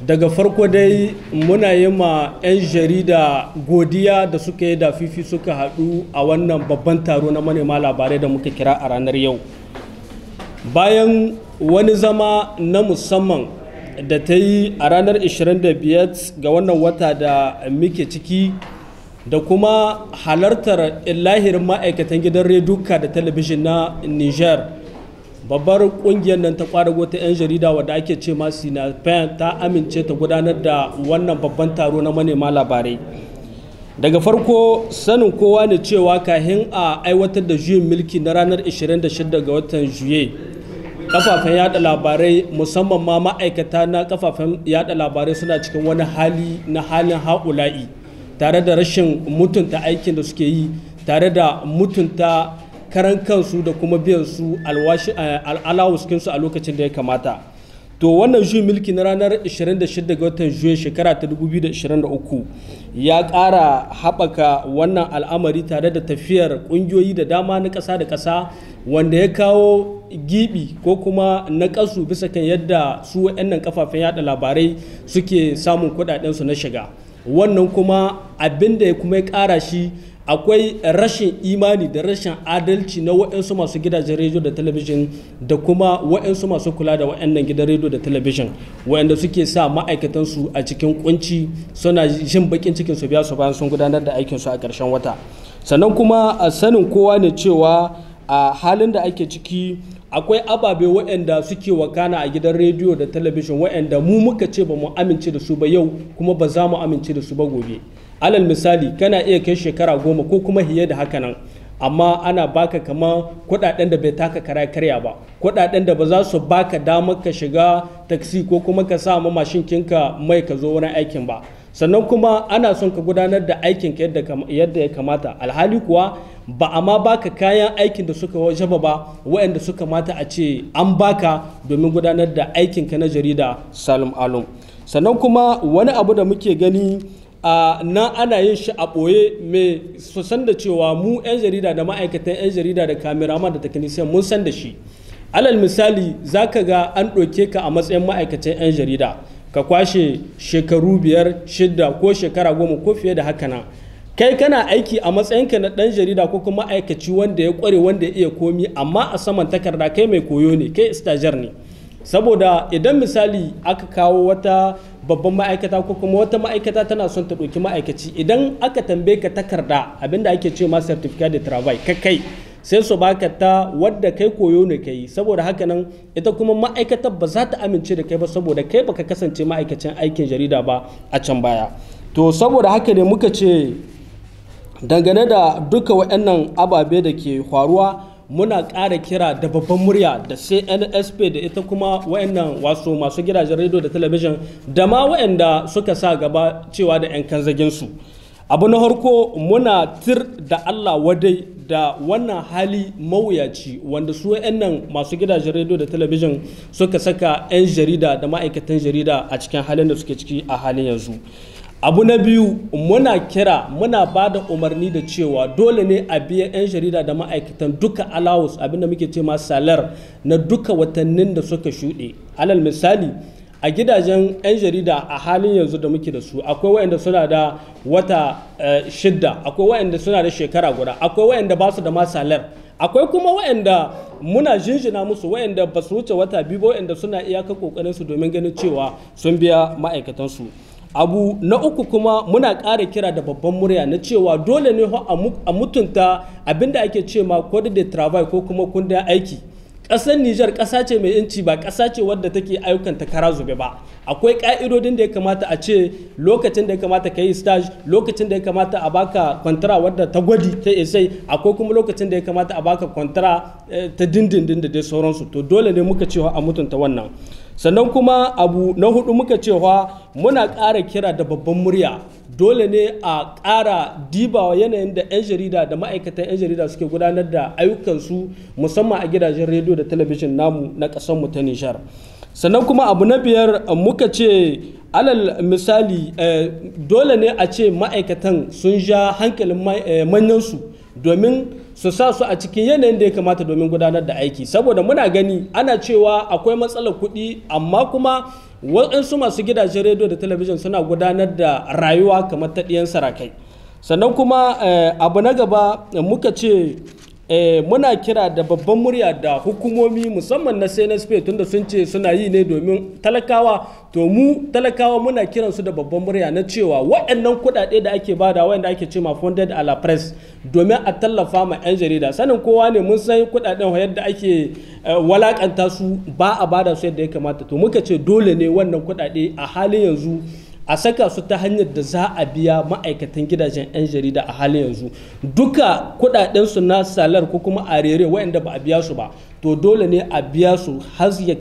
daga farko dai muna yi ma 'yan jarida godiya da suka yi da fifi suka haɗu a wannan babban taro na manema labarai da muka kira a ranar yau bayan wani zama na musamman da ta yi a ranar 25 ga wannan wata da muke ciki da kuma halartar lahirin ma'aikatan gidan reduka da talabijin na niger babbar kungiyar nan ta kwarago ta 'yan jarida wadda ake ce ma sinapen ta amince ta gudanar da wannan babban taro na manema labarai daga farko sanin kowa ne cewa kahin a aiwatar da juyin mulki na ranar 26 ga watan juye kafafen yada labarai musamman ma ma'aikata na kafafen yada labarai suna cikin wani hali na halin haƙula'i tare da rashin mutunta aikin da suke yi tare da mutunta karan kansu da kuma biyan su alawuskinsu eh, a lokacin da ya kamata to wannan juyin milki na ranar 26 ga watan juyin shekara ta 2023 ya ƙara haɓaka wannan al'amari tare da tafiyar ƙungiyoyi da dama na ƙasa da ƙasa wanda ya kawo gibi ko kuma na ƙasu bisa kan yadda su waɗannan kafafen yada labarai suke samun kuɗaɗensu na shiga wannan kuma abin da kuma ya ƙara shi akwai rashin imani da rashin adalci na waɗansu masu gidajen rediyo da talabijin da kuma waɗansu masu kula da waɗannan gidan rediyo da talabijin waɗanda suke sa ma'aikatansu a cikin kunci suna jin bakin cikin su biya su bayan sun gudanar da aikinsu a ƙarshen wata sannan kuma a sanin kowa ne cewa a halin da ake ciki akwai ababe waɗanda suke wakana a gidan rediyo da talabijin waɗanda mu muka ce ba mu amince da su ba yau kuma ba za mu amince da su ba gobe alal misali kana iya kai shekara goma ko kuma hiye da haka nan amma ana baka kama kuɗaɗen da bai taka kara karya ba kuɗaɗen da ba za su baka damar ka shiga taksi ko kuma ka sa ma mashin kinka mai ka zo wurin aikin ba sannan kuma ana son ka gudanar da aikin ka yadda ya kamata alhali kuwa ba a ma baka kayan aikin da suka wajaba ba waɗanda suka mata a ce an baka domin gudanar da aikin ka na jarida salum alum sannan kuma wani abu da muke gani a nan ana yin shi a ɓoye mai su san da cewa mu 'yan jarida da ma'aikatan 'yan jarida da kameraman da takanisiyan mun san da shi alal misali za ka ga an ɗauke ka a matsayin ma'aikatan 'yan jarida ka kwashe shekaru biyar shidda ko shekara goma ko fiye da haka na kai kana aiki a matsayinka na ɗan jarida ko kuma ma'aikaci wanda ya kware wanda ya iya komi amma a saman takarda kai mai koyo ne kai stajar ne saboda idan misali aka kawo wata babban ma'aikata ko kuma wata ma'aikata tana son ta ɗauki ma'aikaci idan aka tambaye ka takarda abinda ake ce ma certificate de travail ka kai sai su baka ta wadda kai koyo ne kai saboda haka nan ita kuma ma'aikatar ba za ta amince da kai ba saboda kai baka kasance ma'aikacin aikin jarida ba a can baya to saboda haka ne muka ce dangane da duka waɗannan ababe da ke faruwa muna ƙara kira da babban murya da cnsp da ita kuma wayannan wasu masu gidajen rediyo da talabijin da ma wayanda suka sa gaba cewa da 'yan su abu na harko muna tir da allah wadai da wannan hali mawuyaci wanda su wayannan masu gidajen rediyo da talabijin suka saka 'yan jarida da ma'aikatan jarida a cikin halin da suke ciki a halin yanzu abu na biyu muna kira muna ba da umarni da cewa dole ne a biya 'yan jarida da ma'aikatan duka alawus abinda muke ce ma salar na duka watannin da suka shuɗe alal misali a gidajen 'yan jarida a halin yanzu da muke da su akwai wayanda suna da wata eh, shidda akwai wayanda suna da shekara guda akwai wayanda ba su da ma salar akwai kuma wayanda muna jinjina musu wayanda ba su wuce wata biyu ba suna suna iyaka ƙoƙarinsu domin ganin cewa sun biya ma'aikatan su. abu na uku kuma muna ƙara kira da babban murya na cewa dole ne a mutunta abinda ake ce ma code de travail ko kuma kundin aiki ƙasar niger ƙasa ce mai yanci ba ƙasa ce wadda take ayyukan ta kara zube ba akwai ka'idodin da ya kamata a ce lokacin da ya kamata ka yi stage lokacin da ya kamata a baka kwantara wadda ta gwadi ta isai akwai kuma lokacin da ya kamata a baka kwantara eh, ta dindindin da dai sauransu to dole ne muka cewa a mutunta wannan sannan kuma abu na hudu muka cewa muna ƙara kira da babban murya dole ne a ƙara dibawa yanayin da 'yan jarida da ma'aikatan 'yan jarida suke gudanar da ayyukansu musamman a gidajen rediyo da talabijin namu na ƙasarmu ta nishar sannan kuma abu na biyar muka ce alal misali eh, dole ne a ce ma'aikatan sun ja hankalin eh, manyansu domin su sa su a cikin yanayin da ya kamata domin gudanar da aiki saboda muna gani ana cewa akwai matsalar kuɗi amma kuma waɗansu masu gidajen rediyo da talabijin suna gudanar da rayuwa kamar ta ɗiyan sarakai sannan kuma eh, abu na gaba muka ce eh, muna kira da babban murya da hukumomi musamman na cnsp tunda sun ce suna yi ne domin talakawa to mu talakawa muna kiran su da babban murya na cewa waɗannan kuɗaɗe da ake bada wayanda ake ce ma funded a la press domin a tallafa ma 'yan jarida sanin kowa ne mun san kuɗaɗen yadda ake eh, walakanta su ba a bada su yadda ya kamata to muka ce dole ne wannan kuɗaɗe a halin yanzu a saka su ta hanyar da za a biya ma'aikatan gidajen 'yan jarida a halin yanzu duka kudaden su na salar ko kuma a rere waɗanda ba a biya su ba to dole ne a biya su har